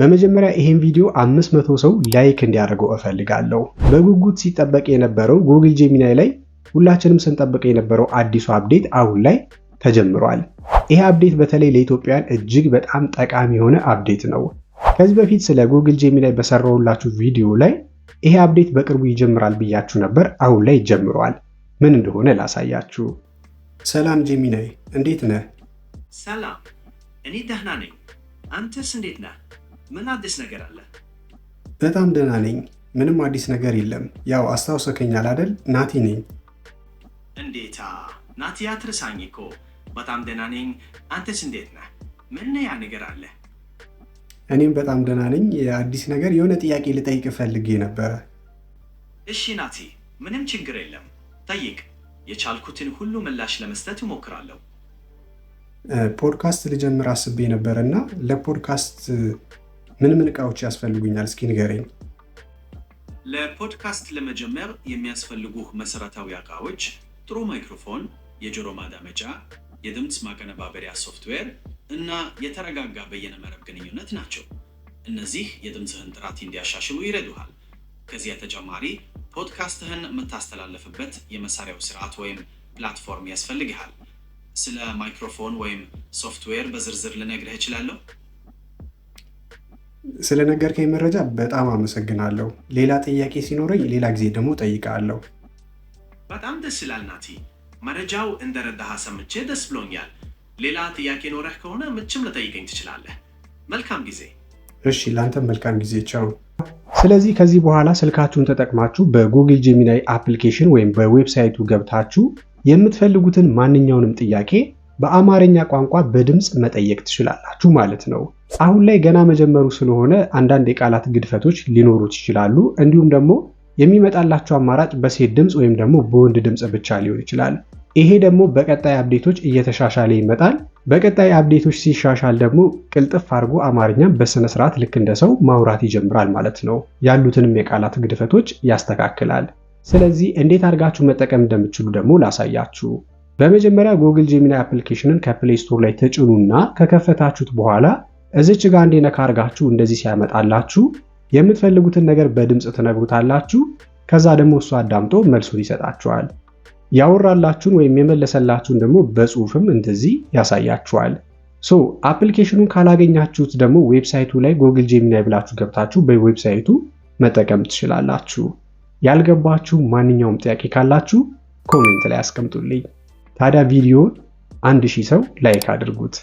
በመጀመሪያ ይህን ቪዲዮ 500 ሰው ላይክ እንዲያደርገው እፈልጋለሁ። በጉጉት ሲጠበቅ የነበረው ጉግል ጄሚናይ ላይ ሁላችንም ስንጠብቅ የነበረው አዲሱ አፕዴት አሁን ላይ ተጀምሯል። ይህ አፕዴት በተለይ ለኢትዮጵያውያን እጅግ በጣም ጠቃሚ የሆነ አፕዴት ነው። ከዚህ በፊት ስለ ጉግል ጄሚናይ በሰራሁላችሁ ቪዲዮ ላይ ይሄ አፕዴት በቅርቡ ይጀምራል ብያችሁ ነበር። አሁን ላይ ጀምሯል? ምን እንደሆነ ላሳያችሁ። ሰላም ጄሚናይ፣ እንዴት ነህ? ሰላም፣ እኔ ደህና ነኝ። አንተስ እንዴት ነህ? ምን አዲስ ነገር አለ? በጣም ደህና ነኝ። ምንም አዲስ ነገር የለም። ያው አስታውሰከኛል አደል? ናቲ ነኝ። እንዴታ ናቲ፣ አትርሳኝ እኮ። በጣም ደህና ነኝ። አንተስ እንዴት ነህ? ምን ያ ነገር አለ? እኔም በጣም ደህና ነኝ። የአዲስ ነገር የሆነ ጥያቄ ልጠይቅ ፈልጌ ነበረ። እሺ ናቲ፣ ምንም ችግር የለም ጠይቅ። የቻልኩትን ሁሉ ምላሽ ለመስጠት እሞክራለሁ። ፖድካስት ልጀምር አስቤ ነበረ እና ለፖድካስት ምን ምን እቃዎች ያስፈልጉኛል? እስኪ ንገረኝ። ለፖድካስት ለመጀመር የሚያስፈልጉህ መሰረታዊ እቃዎች ጥሩ ማይክሮፎን፣ የጆሮ ማዳመጫ፣ የድምፅ ማቀነባበሪያ ሶፍትዌር እና የተረጋጋ በየነመረብ ግንኙነት ናቸው። እነዚህ የድምፅህን ጥራት እንዲያሻሽሉ ይረዱሃል። ከዚያ ተጨማሪ ፖድካስትህን የምታስተላለፍበት የመሳሪያው ስርዓት ወይም ፕላትፎርም ያስፈልግሃል። ስለ ማይክሮፎን ወይም ሶፍትዌር በዝርዝር ልነግርህ እችላለሁ። ስለነገርከኝ መረጃ በጣም አመሰግናለሁ። ሌላ ጥያቄ ሲኖረኝ ሌላ ጊዜ ደግሞ ጠይቃለሁ። በጣም ደስ ይላል ናቲ፣ መረጃው እንደረዳህ ሰምቼ ደስ ብሎኛል። ሌላ ጥያቄ ኖረህ ከሆነ ምችም ልጠይቀኝ ትችላለህ። መልካም ጊዜ። እሺ፣ ለአንተም መልካም ጊዜ። ቻው። ስለዚህ ከዚህ በኋላ ስልካችሁን ተጠቅማችሁ በጉግል ጄሚናይ አፕሊኬሽን ወይም በዌብሳይቱ ገብታችሁ የምትፈልጉትን ማንኛውንም ጥያቄ በአማርኛ ቋንቋ በድምፅ መጠየቅ ትችላላችሁ ማለት ነው። አሁን ላይ ገና መጀመሩ ስለሆነ አንዳንድ የቃላት ግድፈቶች ሊኖሩት ይችላሉ። እንዲሁም ደግሞ የሚመጣላችሁ አማራጭ በሴት ድምፅ ወይም ደግሞ በወንድ ድምፅ ብቻ ሊሆን ይችላል። ይሄ ደግሞ በቀጣይ አብዴቶች እየተሻሻለ ይመጣል። በቀጣይ አብዴቶች ሲሻሻል ደግሞ ቅልጥፍ አድርጎ አማርኛም በስነ ስርዓት ልክ እንደ ሰው ማውራት ይጀምራል ማለት ነው። ያሉትንም የቃላት ግድፈቶች ያስተካክላል። ስለዚህ እንዴት አድርጋችሁ መጠቀም እንደምትችሉ ደግሞ ላሳያችሁ። በመጀመሪያ ጉግል ጂሚና አፕሊኬሽንን ከፕሌይ ስቶር ላይ ተጭኑና ከከፈታችሁት በኋላ እዚች ጋር አንዴ ነካ አርጋችሁ እንደዚህ ሲያመጣላችሁ የምትፈልጉትን ነገር በድምፅ ትነግሩታላችሁ። ከዛ ደግሞ እሱ አዳምጦ መልሱን ይሰጣችኋል። ያወራላችሁን ወይም የመለሰላችሁን ደግሞ በጽሁፍም እንደዚህ ያሳያችኋል። ሶ አፕሊኬሽኑን ካላገኛችሁት ደግሞ ዌብሳይቱ ላይ ጎግል ጄሚናይ ብላችሁ ገብታችሁ በዌብሳይቱ መጠቀም ትችላላችሁ። ያልገባችሁ ማንኛውም ጥያቄ ካላችሁ ኮሜንት ላይ አስቀምጡልኝ። ታዲያ ቪዲዮ አንድ ሺህ ሰው ላይክ አድርጉት።